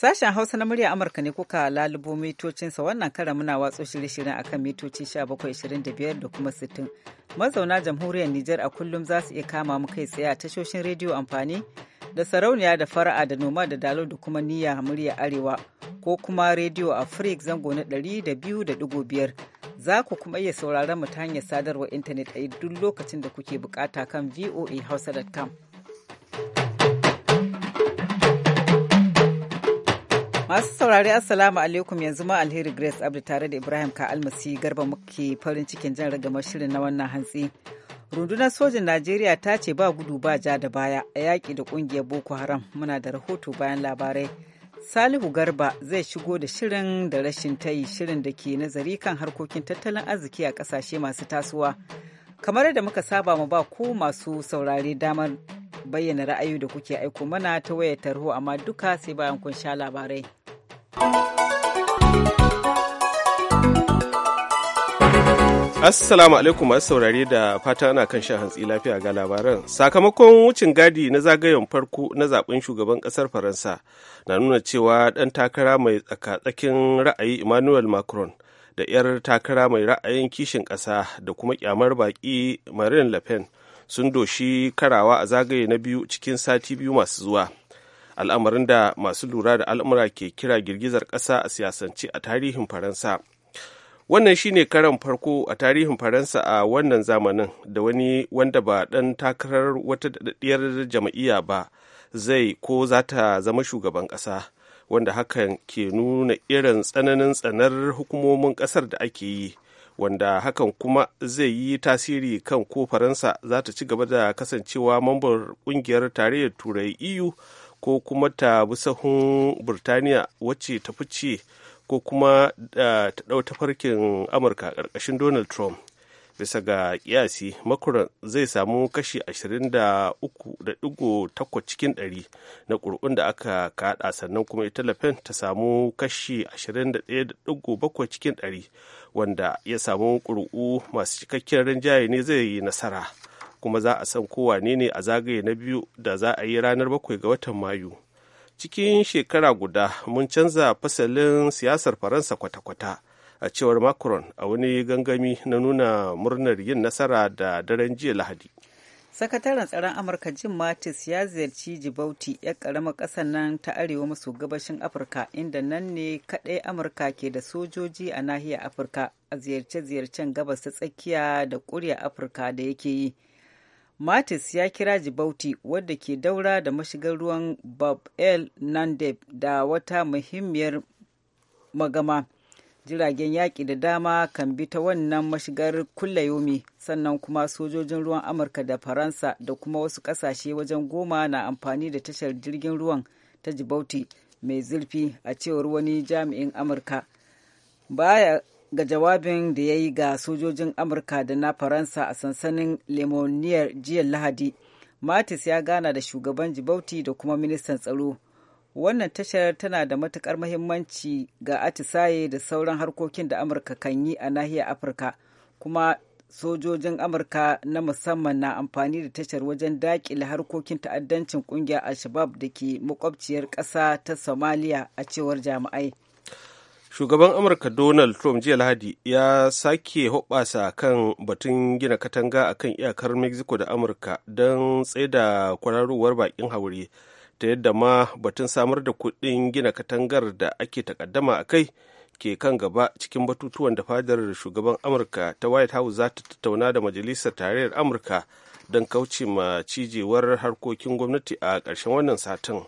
Sashen Hausa na murya Amurka ne kuka lalubo mitocinsa wannan kara muna watso shirye-shiryen akan mitoci 1725 da kuma 60. Mazauna jamhuriyar Nijar a kullum za su iya kama mu kai tsaye a tashoshin rediyo amfani da sarauniya da fara'a da noma da dalo da kuma niyya murya arewa ko kuma rediyo a Freak zango na 200.5 za ku kuma iya sauraron mu ta hanyar sadarwar intanet a duk lokacin da kuke bukata kan voa voahausa.com. Masu saurari Assalamu alaikum yanzu ma alheri Grace Abdu tare da Ibrahim Ka Almasi garba muke farin cikin jan ragamar shirin na wannan hantsi. Rundunar sojin Najeriya ta ce ba gudu ba ja da baya a yaƙi da ƙungiyar Boko Haram muna da rahoto bayan labarai. Salihu Garba zai shigo da shirin da rashin tayi shirin da ke nazari kan harkokin tattalin arziki a ƙasashe masu tasowa. Kamar da muka saba mu ba ko masu saurare damar bayyana ra'ayi da kuke aiko mana ta wayar tarho amma duka sai bayan kun sha labarai. Assalamu alaikum masu saurare da fata ana kan shan hantsi lafiya ga labaran. Sakamakon wucin gadi na zagayen farko na zaben shugaban kasar Faransa na nuna cewa ɗan takara mai tsakatsakin ra'ayi Emmanuel Macron da 'yar takara mai ra'ayin kishin ƙasa da kuma ƙyamar baƙi Marine Le Pen sun doshi karawa a zagaye na biyu cikin sati biyu masu zuwa. al'amarin da masu lura da al'amura ke kira girgizar ƙasa a siyasance a tarihin faransa wannan shine karan farko a tarihin faransa a wannan zamanin da wani wanda ba ɗan takarar wata daɗaɗɗiyar jam'iyya ba zai ko za ta zama shugaban ƙasa wanda hakan ke nuna irin tsananin tsanar hukumomin ƙasar da ake yi wanda hakan kuma zai yi tasiri kan ko faransa za ta ci gaba da kasancewa mambar ƙungiyar tarayyar turai eu ko kuma ta bi sahun burtaniya wacce ta fice ko kuma eh, ta ɗau tafarkin amurka ƙarƙashin donald trump bisa ga kiyasi makuran zai samu kashi 23.8 cikin 100 na ƙuri'un da aka kaɗa sannan kuma ita lafen ta samu kashi 21.7 cikin 100 wanda ya samu ƙuri'u masu cikakken rinjaye ne zai yi nasara kuma za a san kowane ne a zagaye na biyu da za a yi ranar bakwai ga watan mayu cikin shekara guda mun canza fasalin siyasar faransa kwata-kwata a cewar macron a wani gangami na nuna murnar yin nasara da daren jiya lahadi sakataren tsaron amurka jim mattis ya ziyarci djibouti ya karamar kasan nan ta arewa maso gabashin afirka inda nan ne kadai amurka ke da sojoji a nahiyar afirka a ziyarce-ziyarcen gabas ta tsakiya da ƙuriya afirka da yake yi Matis ya kira jibauti wadda ke daura da mashigar ruwan Bob El Nandeb da wata muhimmiyar magama. Jiragen yaƙi da dama kan bi ta wannan mashigar kullayomi sannan kuma sojojin ruwan Amurka da Faransa da kuma wasu ƙasashe wajen goma na amfani da tashar jirgin ruwan ta jibauti mai zurfi a cewar wani jami'in Amurka. Baya ga jawabin da ya yi ga sojojin amurka da na faransa a sansanin lemoniyar jiya lahadi matis ya gana da shugaban jibauti da kuma ministan tsaro wannan tashar tana da matukar mahimmanci ga atisaye da sauran harkokin da amurka kan yi a nahiyar afirka kuma sojojin amurka na musamman na amfani da tashar wajen dakile harkokin ta'addancin kungiyar al-shabab da ke makwabciyar ƙasa ta somalia a cewar jami'ai shugaban amurka donald trump jiya lahadi ya sake hoɓasa kan batun gina katanga a kan iyakar mexico da amurka don tsaida kwararowar bakin haure ta yadda ma batun samar da kuɗin gina katangar da ake takaddama a kai ke kan gaba cikin batutuwan da fadar shugaban amurka ta white house za ta tattauna da majalisar tarayyar amurka don kauce ma cijewar harkokin gwamnati a ƙarshen wannan satin.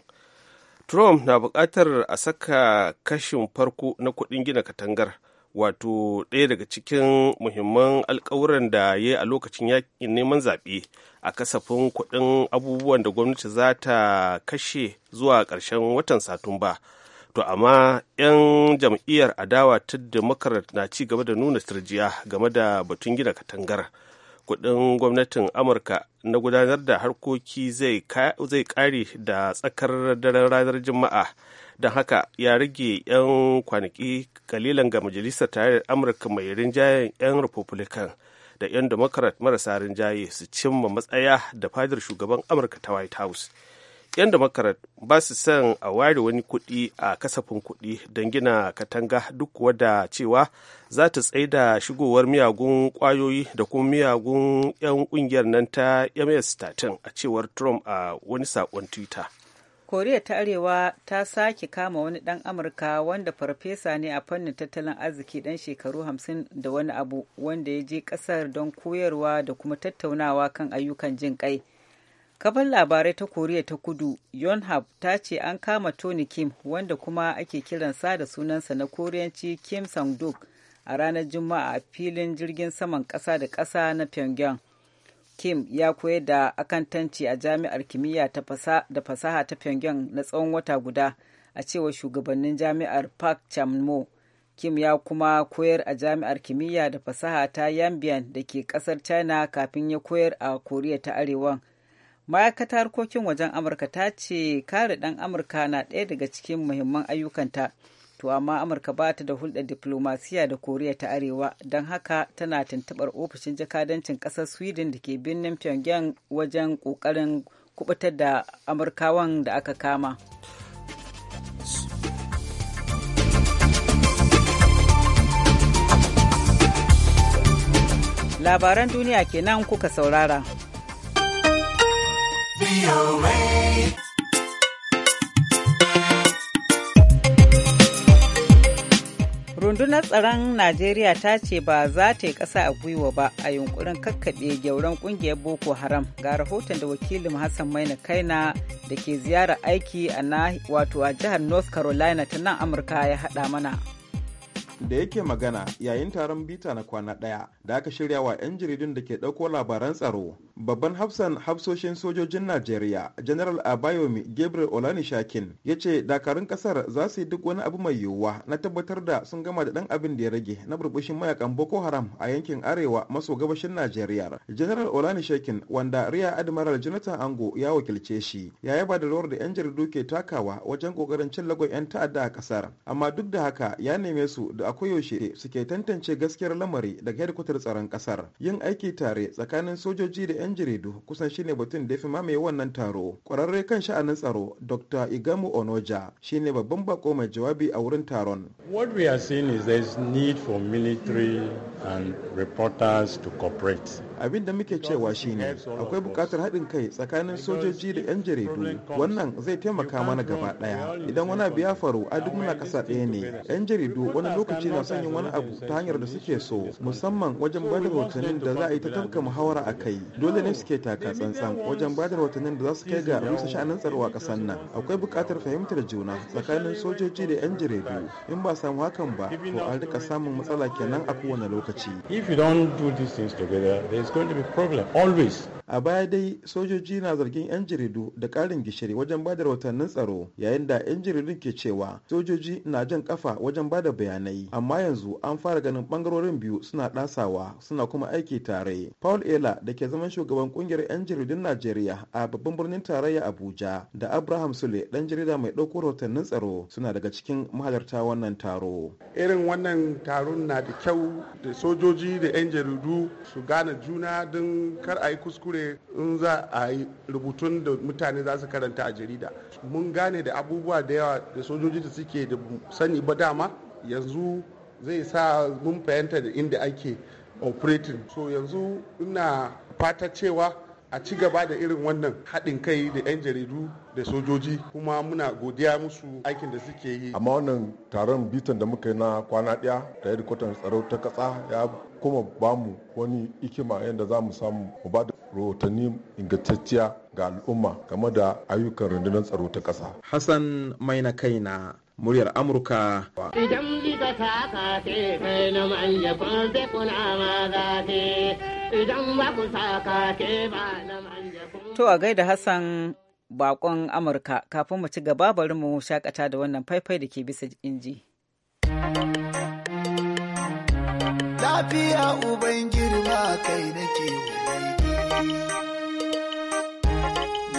trump na buƙatar a saka kashin farko na kuɗin gina katangar wato ɗaya daga cikin muhimman alkawuran da ya yi a lokacin yakin neman zaɓe a kasafin kuɗin abubuwan da gwamnati za ta kashe zuwa ƙarshen watan satumba to amma 'yan jam'iyyar adawa ta demokrat na ci gaba da nuna turjiya game da batun gina katangar kudin gwamnatin amurka na gudanar da harkoki zai kare da tsakar daren ranar juma'a don haka ya rage 'yan kwanaki kalilan ga majalisar tarayyar amurka mai rinjayen 'yan republican da 'yan democrat marasa rinjaye su cimma matsaya da fadar shugaban amurka ta white house yan demokrat ba su son a ware wani kuɗi a kasafin kuɗi don gina katanga duk wadda cewa za ta da shigowar miyagun ƙwayoyi da kuma miyagun 'yan ƙungiyar nan ta ms 13 a cewar trump a wani saƙon twitter koriya ta arewa ta sake kama wani dan amurka wanda farfesa ne a fannin tattalin arziki dan shekaru hamsin da wani abu wanda ya je kasar don koyarwa da kuma tattaunawa kan ayyukan jin kai kafar labarai ta koriya ta kudu yonhap ta ce an kama tony kim wanda kuma ake kiransa da sunansa na koriyanci kim duk a ranar juma'a a filin jirgin saman ƙasa da kasa na pyongyang kim ya koya da akantanci a jami'ar kimiyya da fasaha ta pyongyang na tsawon wata guda a cewar shugabannin jami'ar park chammo kim ya kuma koyar a jami'ar kimiyya da fasaha ta yambian da ke kasar china kafin ya koyar a koriya ta arewa. ma'aikatar harkokin wajen amurka ta ce kare ɗan amurka na ɗaya daga cikin muhimman ayyukanta to amma amurka ba ta da hulɗar diplomasiya da koriya ta arewa don haka tana tuntuɓar ofishin jakadancin ƙasar sweden da ke birnin pyongyang wajen ƙoƙarin kubutar da amurkawan da aka kama labaran duniya kenan kuka saurara rundunar tsaron najeriya ta ce ba za ta yi ƙasa a gwiwa ba a yunkurin kakkaɓe gyauran ƙungiyar boko haram ga rahoton da wakilin hassan maina kaina da ke ziyarar aiki a wato a jihar north carolina ta nan amurka ya haɗa mana da yake magana yayin taron bita na kwana ɗaya da aka shirya wa 'yan jaridun da ke ɗauko labaran tsaro babban hafsan hafsoshin sojojin najeriya general abayomi gabriel olanishakin ya ce dakarun kasar za su yi duk wani abu mai yiwuwa na tabbatar da sun gama da ɗan abin da ya rage na burbushin mayakan boko haram a yankin arewa maso gabashin najeriya general olanishakin wanda riya admiral jonathan ango ya wakilce shi ya yaba da rawar da 'yan jaridu ke takawa wajen kokarin cin lagon 'yan ta'adda a kasar amma duk da haka ya neme su da akwai yaushe suke tantance gaskiyar lamari daga hedikwatar tsaron kasar yin aiki tare tsakanin sojoji da 'yan jaridu kusan shine batun da ya fi mamaye wannan taro kwararre kan sha'anin tsaro dr igamu onoja shine babban bako mai jawabi a wurin taron what we are seeing is there is need for military and reporters to cooperate abin da muke cewa shine akwai bukatar haɗin kai tsakanin sojoji da 'yan jaridu wannan zai taimaka mana gaba ɗaya idan wani abu ya faru a duk muna ƙasa ɗaya ne 'yan jaridu wani lokaci na son yin wani abu ta hanyar da suke so musamman wajen bada da rahotannin da za a yi ta tafka muhawara a kai dole ne suke taka tsantsan wajen bada da rahotannin da za su kai ga rusa sha'anin tsaro a ƙasar nan akwai bukatar fahimtar juna tsakanin sojoji da 'yan jaridu in ba samu hakan ba to an rika samun matsala kenan a kowane lokaci if you don't do these things together there's going to be problem always. A baya dai sojoji na zargin 'yan jaridu da ƙarin gishiri wajen bada rahotannin tsaro yayin da 'yan jaridun ke cewa sojoji na jan ƙafa wajen bada bayanai amma yanzu an fara ganin bangarorin biyu suna ɗasawa suna kuma aiki tare. Paul Ela da ke zaman shugaban ƙungiyar 'yan jaridun Najeriya a babban birnin tarayya Abuja da Abraham Sule dan jarida mai ɗauko rahotannin tsaro suna daga cikin mahalarta wannan taro. Irin wannan taron na da kyau da sojoji da 'yan jaridu su gane juna juna don kar a yi kuskure in za a yi rubutun da mutane za su karanta a jarida mun gane da abubuwa da yawa da sojoji da suke da sani ba dama yanzu zai sa mun fahimta da inda ake operating so yanzu ina fata cewa a ci gaba da irin wannan haɗin kai da 'yan jaridu da sojoji kuma muna godiya musu aikin da suke yi amma wannan taron bitan da muka yi na kwana ɗaya da hedikwatar tsaro ta ƙasa ya kuma ba mu wani ikima yadda za mu samu mu ba da rahotanni ingantacciya ga al'umma game da ayyukan rundunar tsaro ta ƙasa hassan mai na kaina muryar Amurka. Idan kun To a gaida Hassan bakon Amurka kafin mu ci gaba bari mu shakata da wannan faifai da ke bisa inji. Lafiya uban girma kai nake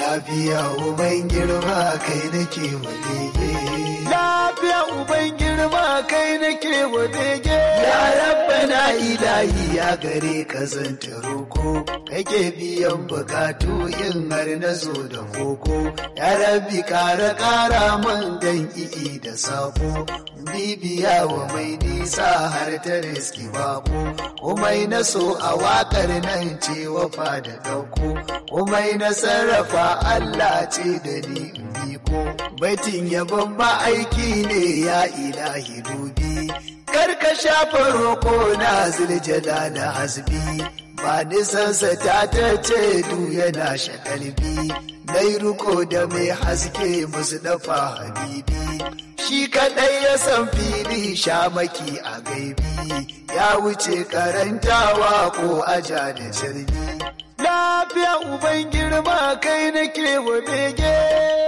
Lafiya uban girma kai nake walege. uban girma kai nake wa bege ya na ilahi ya gare ka zanta roko kake biyan bukatu in har na zo da koko ya rabbi kara kara man dan i'i da sako bibiya wa mai nisa har ta riski bako umai na so a wakar nan ce wafa da dauko umai na sarrafa Allah ce da ni biko baitin yabon aiki ne ya ilahi dubi karka shafa roko na ziljada da hasbi ba nisansa ta ta ce du yana shakalbi mai ruko da mai haske musu dafa habibi shi kaɗai ya san fili shamaki a gaibi ya wuce karantawa ko aja da jirgi lafiya uban girma kai nake wa bege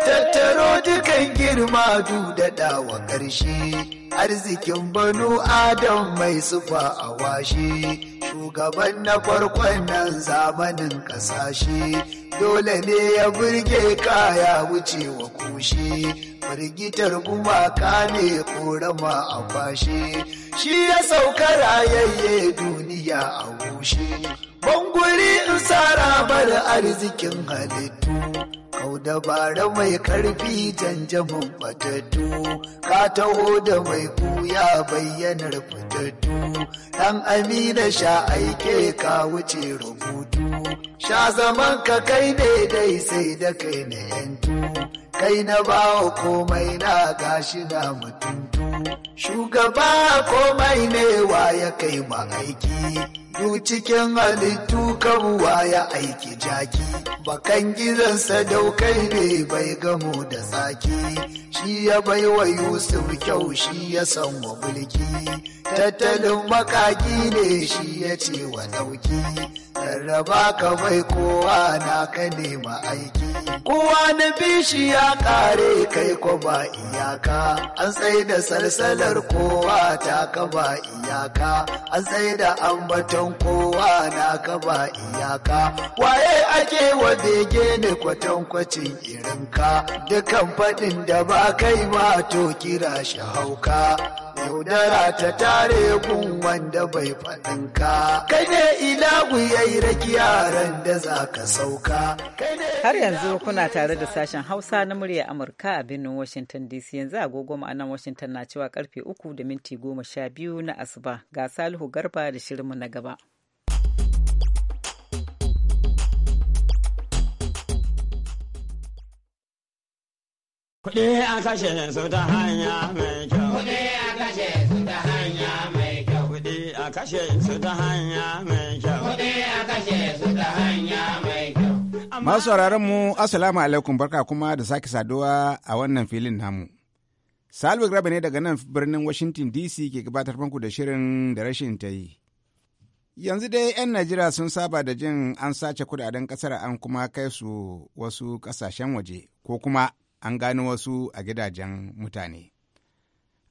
tattaro dukan girma du daɗawa ƙarshe arzikin banu adam mai sufa a washe shugaban na farkon nan zamanin kasashe dole ne ya burge kaya wucewa kushe firgitar gumaka ne korama a fashe shi ya sauka rayayye duniya a wushe banguri in sara bar arzikin halittu Kau dabara mai karfi janjamin fatattu, ka taho da mai kuya bayyanar fatattu, ɗan amina sha aike ka wuce rubutu, sha zaman ka kai dai sai da kai na yantu, kai na bawa komai na gashi na mutuntu, shugaba komai ne wa ya kai ma aiki. Du cikin halittu kabuwa ya aiki jaki, bakan gizansa daukai ne bai gamo da tsaki, shi ya baiwa Yusuf kyau shi ya san wa mulki. tattalin makaki ne shi ya ce wa dauki rarraba ka bai kowa na ka nema aiki kowa na bishi ya kare kai ko ba iyaka an tsaye da salsalar kowa ta ka ba iyaka an tsaye da ambaton kowa na ka ba iyaka waye ake wa bege ne kwatankwacin irinka dukan faɗin da ba kai ma to kira shi hauka yaudara ta tare gun wanda bai faɗin ka kai ne ilahu ya yi raki yaran da za ka sauka har yanzu kuna tare da sashen hausa na murya amurka a birnin washington dc yanzu agogo ma'anan washington na cewa karfe uku da minti goma sha biyu na asuba ga salihu garba da shirinmu na gaba Kuɗi a kashe su ta hanya mai kyau. Kuɗi a kashe su ta hanya mai kyau. Kuɗi a kashe su ta hanya mai kyau. Kuɗi a kashe su ta hanya mai kyau. Masu sauraron mu Assalamu alaikum barka kuma da sake saduwa a wannan filin namu. Salwik Rabi ne daga nan birnin Washington DC ke gabatar muku da shirin da rashin ta yi. Yanzu dai 'yan Najeriya sun saba da jin an sace kudaden kasar an kuma kai su wasu kasashen waje ko kuma an gano wasu a gidajen mutane.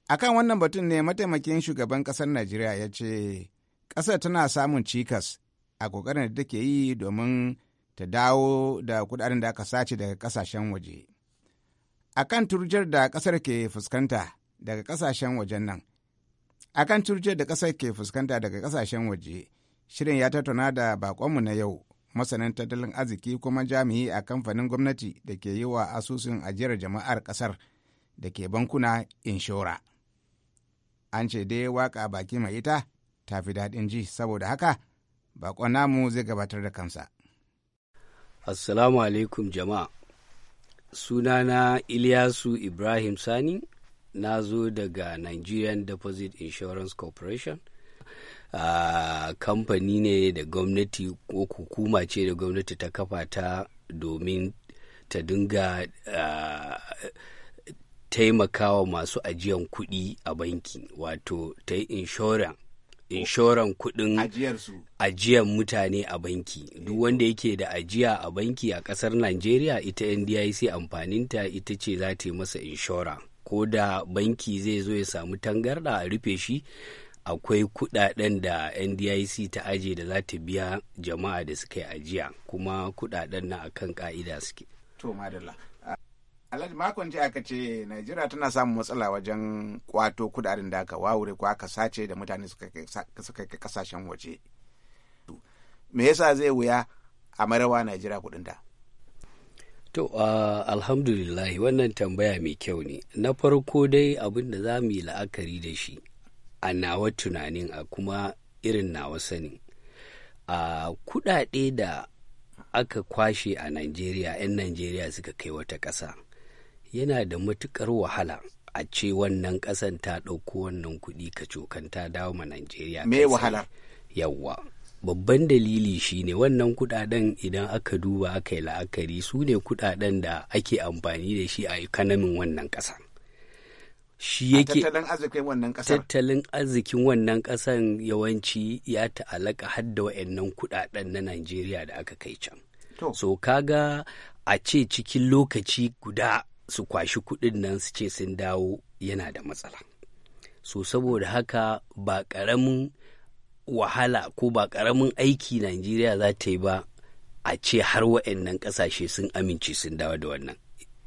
Akan wannan batun ne mataimakin shugaban ƙasar Najeriya ya ce, ƙasar tana samun cikas a ƙoƙarin da take yi domin ta dawo da kudaden da aka sace daga ƙasashen waje. Akan turjar da ƙasar ke fuskanta daga ƙasashen wajen nan. Akan turjar da ƙasar ke fuskanta daga ƙasashen waje, shirin ya tattauna da baƙonmu na yau, masanin tattalin arziki kuma jami'i a kamfanin gwamnati da ke yi wa asusun ajiyar jama'ar kasar da ke bankuna inshora. An ce dai waka baki mai ita ta fi daɗin ji saboda haka bakon namu zai gabatar da kansa. Assalamu alaikum jama'a. Sunana Ilyasu Ibrahim Sani na zo daga Nigerian Deposit Insurance Corporation. kamfani ne da gwamnati ko hukuma ce da gwamnati ta kafa ta domin ta dinga taimakawa masu ajiyan kuɗi a banki wato ta yi inshoran kuɗin ajiyan mutane a banki duk wanda yake da ajiya a banki a ƙasar najeriya ita ndic amfaninta ita ce za ta yi masa inshora ko da banki zai zo ya samu tangarɗa a rufe shi akwai kudaden da ndic ta aje da za ta biya jama'a da suka yi ajiya kuma kudaden na akan ka'ida suke to madalla alhaji makon ji aka ce najeriya tana samun matsala wajen kwato kudaden da aka wawure ko aka sace da mutane suka kai kasashen waje me yasa zai wuya a marawa najeriya da To, uh, alhamdulillahi wannan tambaya mai kyau ne. Na farko dai abin da za mu yi la'akari da shi, a nawa tunanin a kuma irin nawa sanin a kudade da aka kwashe a Najeriya 'yan Najeriya suka kai wata ƙasa yana da matuƙar wahala a ce wannan ƙasan ta ɗauko wannan kuɗi ka cokan ta dawo ma Najeriya. Me wahala? Yawwa. Babban dalili shine wannan kuɗaɗen idan aka duba aka yi la'akari su ne kuɗaɗen da ake amfani da shi a ikanamin wannan ƙasa. shi yake tattalin arzikin wannan kasar kasan yawanci ya ta'alaka har da wayannan kudaden na Najeriya da aka kai can so kaga a ce cikin lokaci guda su kwashi kudin nan su ce sun dawo yana da matsala so saboda haka ba karamin wahala ko ba karamin aiki Najeriya za ta yi ba a ce har wayannan kasashe sun amince sun dawo da wannan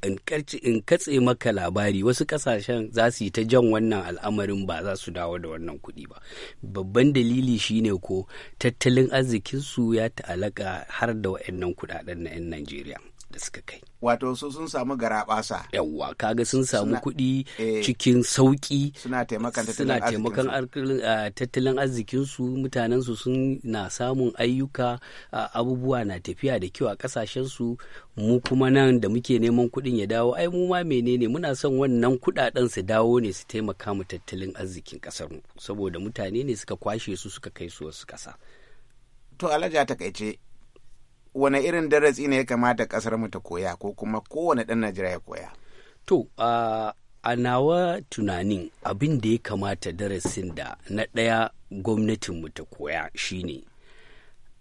in katse maka labari wasu kasashen za su yi ta jan wannan al'amarin ba za su dawo da wannan kuɗi ba babban dalili shine ko tattalin arzikinsu ya ta'alaka har da waɗannan kuɗaɗen na 'yan najeriya da suka kai wato su sun samu garabasa yawwa kaga sun samu kuɗi eh, cikin sauƙi suna taimakan suna taimakan ah, tattalin arzikinsu mutanensu sun na samun ayyuka ah, abubuwa na tafiya da kyau a ƙasashensu mu kuma nan da muke neman kuɗin ya dawo ai mu ma menene muna son wannan kuɗaɗen su dawo ne su taimaka mu tattalin arzikin ƙasar mu saboda mutane ne suka kwashe su suka kai su wasu ƙasa to a takaice wane irin darasi ne ya kamata kasar mu ta koya ko kuma kowane ɗan najeriya ya koya to a nawa tunanin abin da ya kamata darasin da na ɗaya gwamnatin mu ta koya shine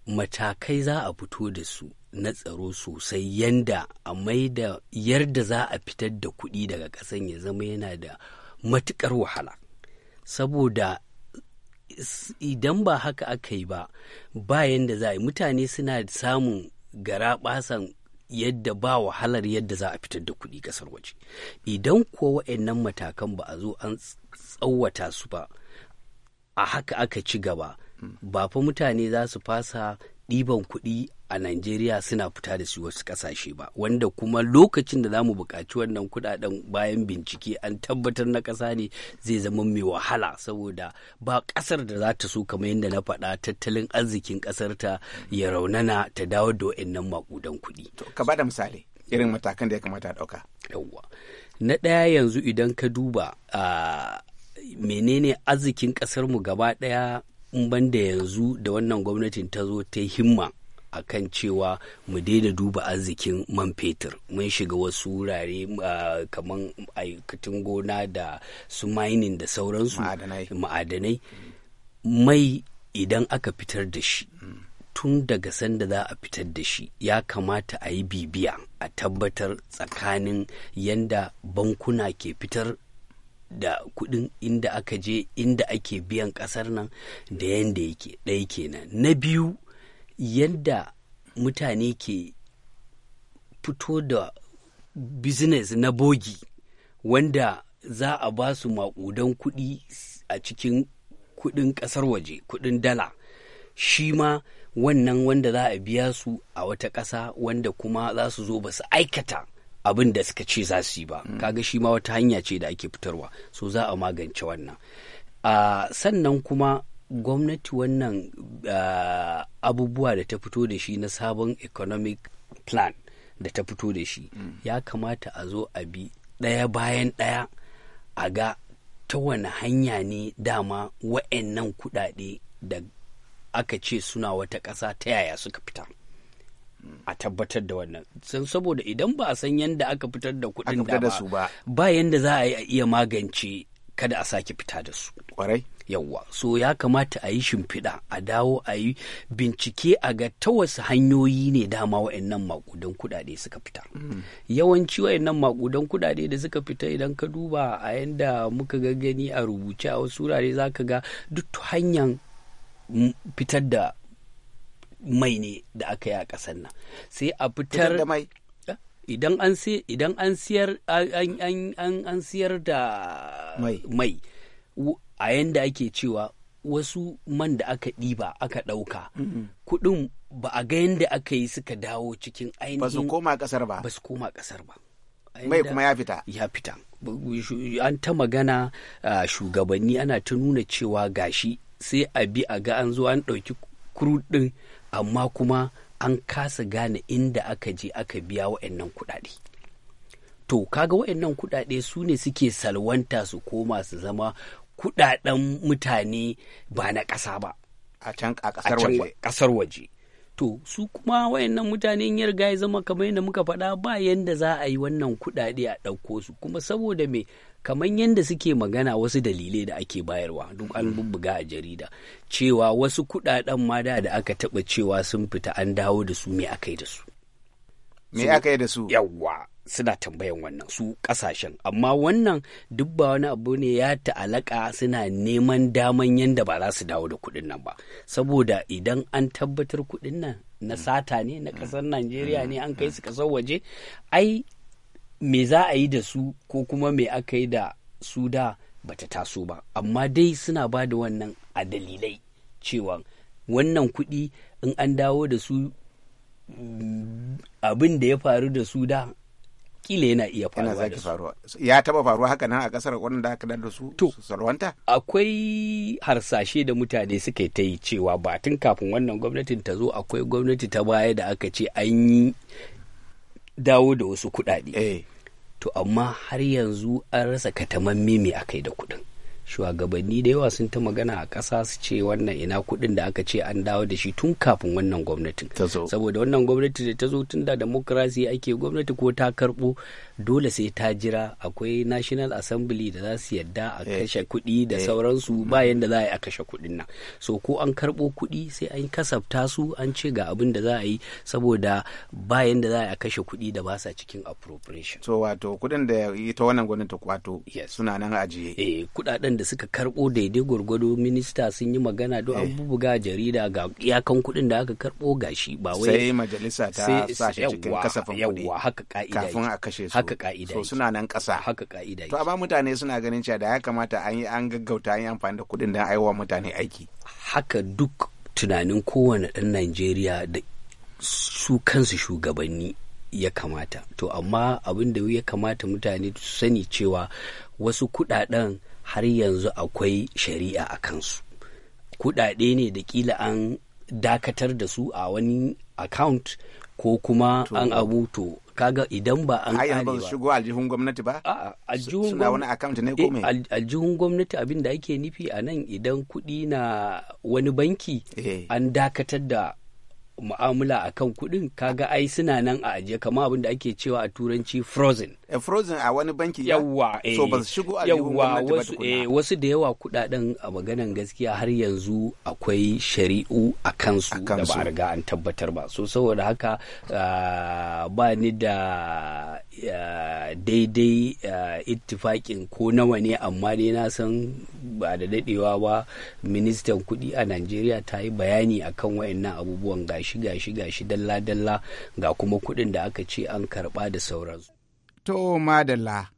matakai za a fito da su na tsaro sosai yanda a maida yarda za a fitar da kuɗi daga ƙasan ya zama yana da matukar wahala saboda idan ba haka aka yi ba ba yadda za a yi mutane suna samun gara basan yadda ba wahalar yadda za a fitar da kuɗi ƙasar waje idan kuwa wa'annan matakan ba a zo an tsawata su ba a haka aka ci gaba ba fa mutane za su fasa ɗiban kuɗi a Najeriya suna fita da su wasu kasashe ba wanda kuma lokacin da za mu buƙaci wannan kuɗaɗen bayan bincike an tabbatar na ƙasa ne zai zama mai wahala saboda ba ƙasar da za ta so kamar yadda na faɗa tattalin arzikin ƙasar ta ya raunana ta dawo da wa'annan maƙudan kuɗi. Ka ba da misali irin matakan da ya kamata a ɗauka. Yawwa. Na ɗaya yanzu idan ka duba menene arzikin mu gaba ɗaya in banda yanzu da wannan gwamnatin ta zo ta himma a kan cewa mu daina duba arzikin man fetur mun shiga wasu wurare ah, kamar aikatun gona da su mining da sauransu ma'adanai mai idan aka fitar da shi tun daga sanda za a fitar da shi ya kamata a yi bibiya a tabbatar tsakanin yanda bankuna ke fitar da kuɗin inda aka je inda ake biyan ƙasar nan da yanda yake ɗaya kenan na biyu yadda mutane ke fito da business na bogi wanda za a ba su maƙudan kuɗi a cikin kuɗin ƙasar waje kuɗin dala shi ma wannan wanda za a biya su a wata ƙasa wanda kuma za su zo ba su aikata abin da suka ce za su yi ba mm. kaga shi ma wata hanya ce da ake fitarwa so za a magance wannan ah, sannan kuma gwamnati wannan uh, abubuwa da ta fito da shi na sabon economic plan da ta fito da shi mm. ya kamata a zo a bi ɗaya bayan ɗaya a ga ta wani hanya ne dama wa'annan kuɗaɗe da aka ce suna wata ƙasa ta yaya suka fita a tabbatar da wannan san saboda idan ba a san yadda aka fitar da kuɗin da ba ba yadda za a iya magance kada a sake fita da su kwarai yawwa so ya kamata a yi shimfiɗa a dawo a yi bincike a ga ta wasu hanyoyi ne dama wa'annan makudan kuɗaɗe suka fita mm. yawanci wa'annan makudan kuɗaɗe da suka fita idan ka duba a yanda muka ga gani a rubuce a wasu wurare za ka ga duk hanyar fitar da mai ne da aka yi a ƙasar nan sai a fitar da mai idan an siyar da mai a yanda ake cewa wasu man da aka ɗiba aka ɗauka mhm. kuɗin ba a ga yanda aka yi suka dawo cikin ainihin ba su koma ƙasar ba ba su koma ƙasar ba mai kuma ya fita ya fita an ta magana shugabanni ana ta nuna cewa gashi sai a bi a ga an zo an ɗauki kurudin ɗin amma kuma an kasa gane inda aka je aka biya wa'annan kuɗaɗe to kaga wa'annan kuɗaɗe su ne suke salwanta su koma su zama kudaden mutane ba na ƙasa ba a can ƙasar waje to su kuma wayannan mutane ya ya zama kamar yadda muka faɗa ba yanda za a yi wannan kuɗaɗe a ɗauko su kuma saboda me kamar yadda suke magana wasu dalilai da ake bayarwa duk an mm. bubbuga a jarida cewa wasu kuɗaɗen ma da da aka taɓa cewa sun fita an dawo da su me aka yi da su me aka yi da su yawwa suna tambayan wannan su kasashen amma wannan duk wani abu ne ya ta'alaka suna neman daman yadda ba za su dawo da kuɗin nan ba saboda idan an tabbatar kuɗin nan na sata ne na ƙasar najeriya ne an kai su ƙasar waje ai me za a yi da su ko kuma me aka yi da su da bata taso ba amma dai suna ba da wannan a dalilai cewa wannan kuɗi in an dawo da su mm, abin da ya faru da su da kila yana iya faruwa da su. ya taba faruwa haka nan a kasar wanda aka da su salwanta akwai harsashe da mutane suka ta yi cewa ba tun kafin wannan gwamnatin ta zo akwai gwamnati ta baya da aka ce an yi dawo da wasu kuɗaɗe eh. to amma har yanzu an rasa katamamme a akai da kuɗin shugabanni da yawa sun ta magana a ƙasa su ce wannan ina kuɗin da aka ce an dawo da shi tun kafin wannan gwamnatin saboda wannan gwamnati da ta zo tun da demokrasi ake gwamnati ko ta karɓo dole sai ta jira akwai national assembly da za su yadda a eh. kashe kuɗi da eh. sauransu mm. bayan da za a yi a kashe kuɗin nan so ko an karɓo kuɗi sai an kasafta su an ce ga abin da za a yi saboda bayan da za a yi a kashe kuɗi da ba sa cikin appropriation so wato kuɗin da ita wannan gwamnati wato suna nan ajiye eh kuɗaɗen waɗanda suka karɓo daidai gwargwado minista sun yi magana don eh. an bubuga jarida ga iyakan kuɗin da aka karɓo shi ba wai sai majalisa ta sa shi cikin kasafin kuɗi haka ka'ida kafin a kashe su haka ka'ida so suna nan ƙasa haka ka'ida to amma mutane suna ganin cewa da ya kamata an yi an gaggauta an yi amfani da kuɗin don aiwa mutane aiki haka duk tunanin kowane ɗan Najeriya da su kansu shugabanni ya kamata to amma abin da ya kamata mutane su sani cewa wasu kuɗaɗen har yanzu akwai shari'a a kansu kuɗaɗe ne da kila an dakatar da su a wani account ko kuma an abu to kaga idan ba an kare ba shigo aljihun gwamnati ba suna wani account ne ko me eh, aljihun gwamnati abin da ake nufi a nan idan kudi na wani banki eh. an dakatar da mu'amala a kan kuɗin kaga ai suna nan a ajiye kama abin da ake cewa a turanci frozen. a eh, frozen a wani banki ya? Eh, so ba eh, su shigo a yawwa wasu, eh, wasu da yawa kuɗaɗen a maganan gaskiya har yanzu akwai shari'u a kansu da ba riga an tabbatar ba. So saboda haka uh, ba ni da ah, daidai uh, ko nawa ne amma ne na san ba da daɗewa ba ministan kuɗi a Najeriya ta yi bayani akan waɗannan abubuwan gashi. gashi gashi gashi dalla dalla ga kuma kuɗin da aka ce an karɓa da sauransu. To madalla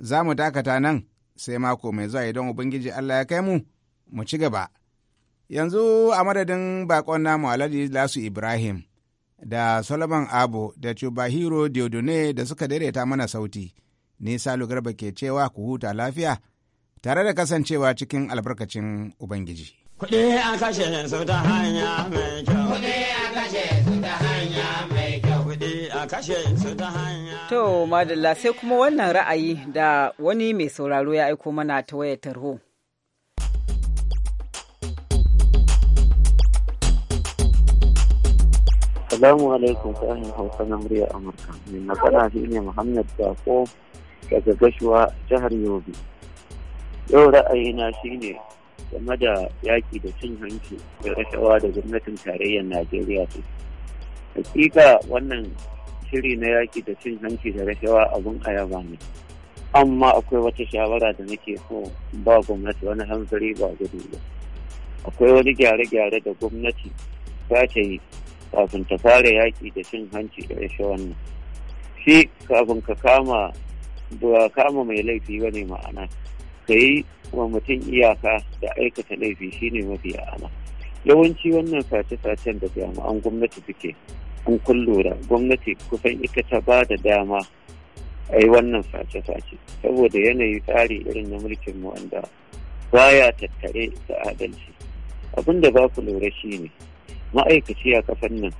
za mu dakata nan sai mako mai zuwa idan Ubangiji Allah ya kai mu mu ci gaba. Yanzu a madadin bakon namu Alhaji Lasu Ibrahim da Solomon Abo da Chubahiro diodune da suka daidaita mana sauti. Ni Salu Garba ke cewa ku huta lafiya tare da kasancewa cikin albarkacin Ubangiji. Kuɗi an kashe ne sauta hanya mai kyau. To, madalla sai kuma wannan ra'ayi da wani mai sauraro ya aiko mana ta wayar tarho. Salamu alaikum hanyar Hausa na murya Amurka. Mai magana shi ne Muhammad Bako daga gashuwa jihar Yobe. Yau ra'ayina shi ne game da yaƙi da cin hanci da rashawa da gwamnatin tarayyar Najeriya ce. Hakika wannan shiri na yaki da cin hanci da rashawa abun ayaba ne amma akwai wata shawara da nake so ba gwamnati wani hanzari ba gudu ba akwai wani gyare-gyare da gwamnati ta ce yi kafin ta fara yaki da cin hanci da rashawan nan shi kafin ka kama ba kama mai laifi ba ne ma'ana ka yi wa mutum iyaka da aikata laifi shine mafi ya'ana yawanci wannan sace-sacen da jami'an gwamnati suke in kun lura gwamnati kusan ita ta ba da dama a yi wannan face-face saboda yanayi tsari irin na mulkin mu wanda baya tattare da adalci abin da ba ku lura shi ne ma'aikaci a kafan nan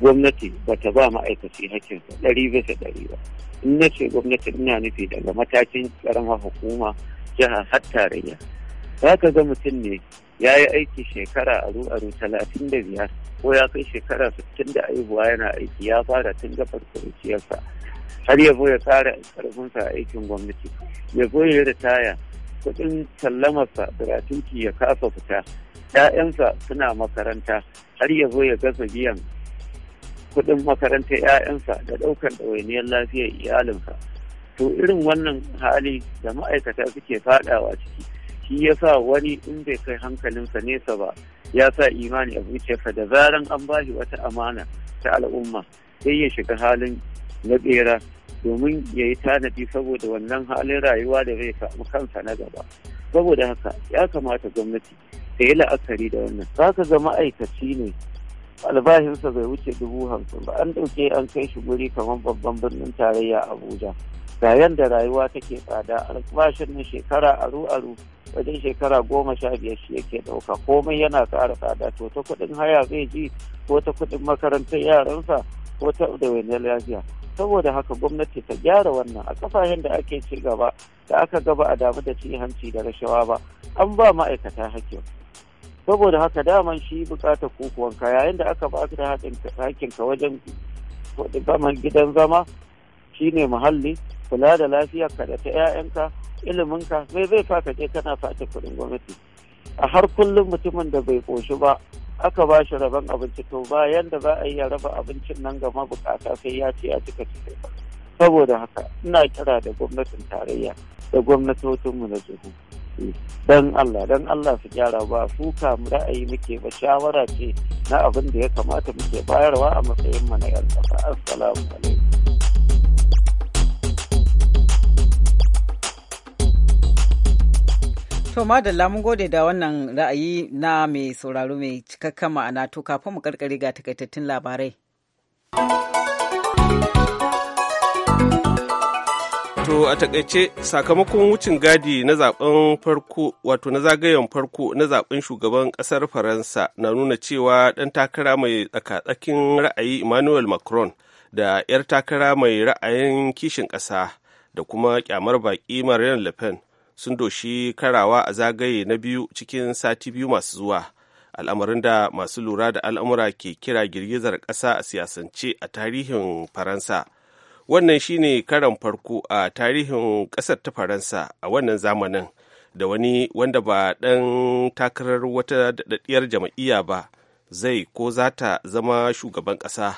gwamnati ba ta ba ma'aikaci hakkinsa ɗari bisa ɗari ba in na ce gwamnati ina nufi daga matakin karamar hukuma jiha har tarayya za ka ga mutum ne ya yi aiki shekara aru aru talatin da biyar ko ya kai shekara sittin da aihuwa yana aiki ya fara tun gabar kuruciyarsa har ya ya kara karfinsa a aikin gwamnati ya ya ritaya kudin sallamarsa biratunki ya kasa fita ‘ya'yansa suna makaranta har ya ya gasa biyan kudin makaranta ‘ya'yansa da ɗaukar ɗawainiyar lafiyar iyalinsa to irin wannan hali da ma'aikata suke faɗawa ciki shi sa wani in bai kai hankalinsa nesa ba ya sa imani a zuciyarsa da zaran an ba shi wata amana ta al'umma sai ya shiga halin na bera domin ya yi tanadi saboda wannan halin rayuwa da zai samu kansa na gaba saboda haka ya kamata gwamnati ta yi la'akari da wannan za ka ga ma'aikaci ne albashinsa bai wuce dubu hamsin ba an ɗauke an kai shi guri kamar babban birnin tarayya abuja ga yadda rayuwa take tsada albashin na shekara aru-aru wajen shekara goma sha biyar shi yake ɗauka komai yana ƙara tsada to ta kuɗin haya zai ji ko ta kuɗin makarantar yaransa ko ta da wani lafiya saboda haka gwamnati ta gyara wannan a kasashen da ake ci gaba da aka gaba a damu da ci hanci da rashawa ba an ba ma'aikata hakkin saboda haka daman shi bukatar kukuwanka yayin da aka ba da haƙƙinka wajen gidan zama Shi ne muhalli kula da ka da ta 'ya'yanka iliminka mai zai faka je kana fata kuɗin gwamnati a har kullum mutumin da bai ƙoshi ba aka ba shi rabon abinci to ba, da za a yi raba abincin nan ga mabukata sai ya ci ya cika cikin saboda haka ina kira da gwamnatin tarayya da gwamnatocinmu na jihu don Allah don Allah su gyara ba su mu ra'ayi muke ba shawara ce na abin da ya kamata muke bayarwa a matsayin mu na yan assalamu alaikum To da lamun gode da wannan ra'ayi na mai sauraro mai cikakken ma'ana to kafin mu karkare ga takaitattun labarai. To a takaice sakamakon wucin gadi na zaben farko wato na zagayen farko na zaben shugaban kasar Faransa na nuna cewa ɗan takara mai tsakatsakin ra'ayi Emmanuel Macron da 'yar takara mai ra'ayin kishin ƙasa da kuma kyamar baƙi Marine Le Pen sun doshi karawa a zagaye na biyu cikin sati biyu masu zuwa al'amarin da masu lura da al'amura ke kira girgizar ƙasa a siyasance a tarihin faransa wannan shine karan farko a tarihin ƙasar ta faransa a wannan zamanin da wani wanda ba ɗan takarar wata daɗaɗɗiyar jam'iyya ba zai ko za ta zama shugaban ƙasa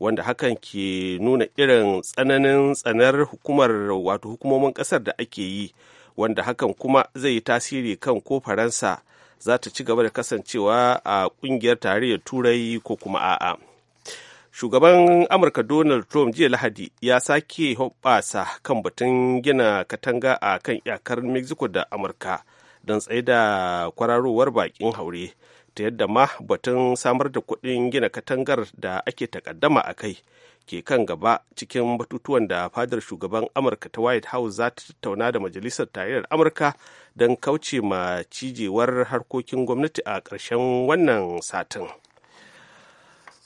wanda hakan ke nuna irin tsananin tsanar hukumar wato hukumomin ƙasar da ake yi wanda hakan kuma zai yi tasiri kan ko faransa za ta ci gaba da kasancewa a kungiyar tarayyar turai ko kuma a'a shugaban amurka donald trump jiya lahadi ya sake hoɓasa kan batun gina katanga a kan iyakar mexico da amurka don tsaye da kwararowar bakin haure ta yadda ma batun samar da kuɗin gina katangar da ake takaddama a kai ke kan gaba cikin batutuwan da fadar shugaban amurka ta white house za ta tattauna da majalisar tarayyar amurka don kauce ma cijewar harkokin gwamnati a ƙarshen wannan satin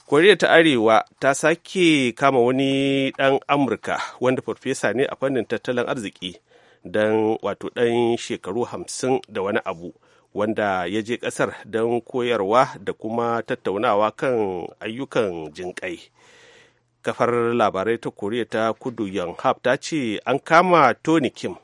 koriya ta arewa ta sake kama wani ɗan amurka wanda farfesa ne a fannin tattalin arziki don wato ɗan shekaru hamsin da wani abu wanda ya je ƙasar don koyarwa da kuma tattaunawa kan ayyukan jinƙai. kafar labarai ta koriya ta kudu yonhap ta ce an kama tony kim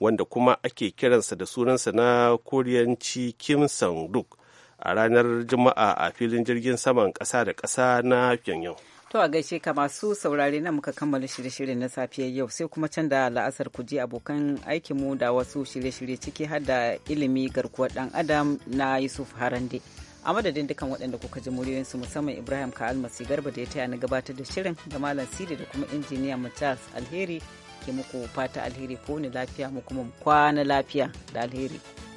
wanda kuma ake kiransa da sunansa na koriyanci kim duk a ranar juma'a a filin jirgin saman ƙasa da ƙasa na pyongyang To a gaishe ka masu saurare na muka kammala shirye-shirye na safiyar yau sai kuma can da la'asar ku je abokan aikinmu da wasu shirye-shirye ciki har da ilimi garkuwar dan adam na Yusuf Harande. a madadin dukan waɗanda kuka ji muryoyinsu musamman ibrahim ka almasi garba da ya taya na gabatar da shirin da malam sidi da kuma injiniya matas alheri ke muku fata alheri ko ni lafiya mu kuma kwana lafiya da alheri